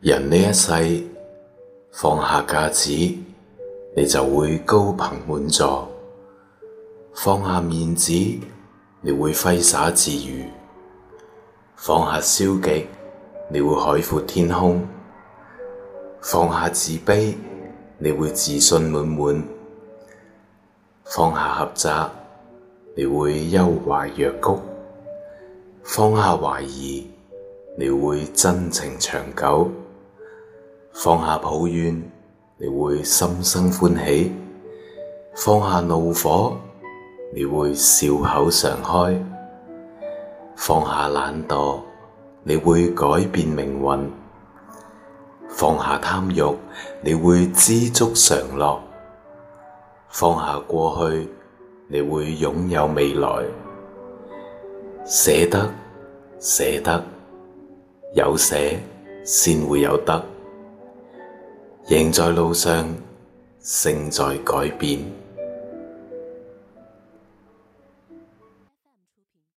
人呢一世，放下架子，你就會高朋滿座；放下面子，你會揮灑自如；放下消極，你會海闊天空；放下自卑，你會自信滿滿；放下狹窄，你會悠懷若谷；放下懷疑，你會真情長久。放下抱怨，你會心生歡喜；放下怒火，你會笑口常開；放下懶惰，你會改變命運；放下貪慾，你會知足常樂；放下過去，你會擁有未來。捨得，捨得，有捨先會有得。贏在路上，勝在改變。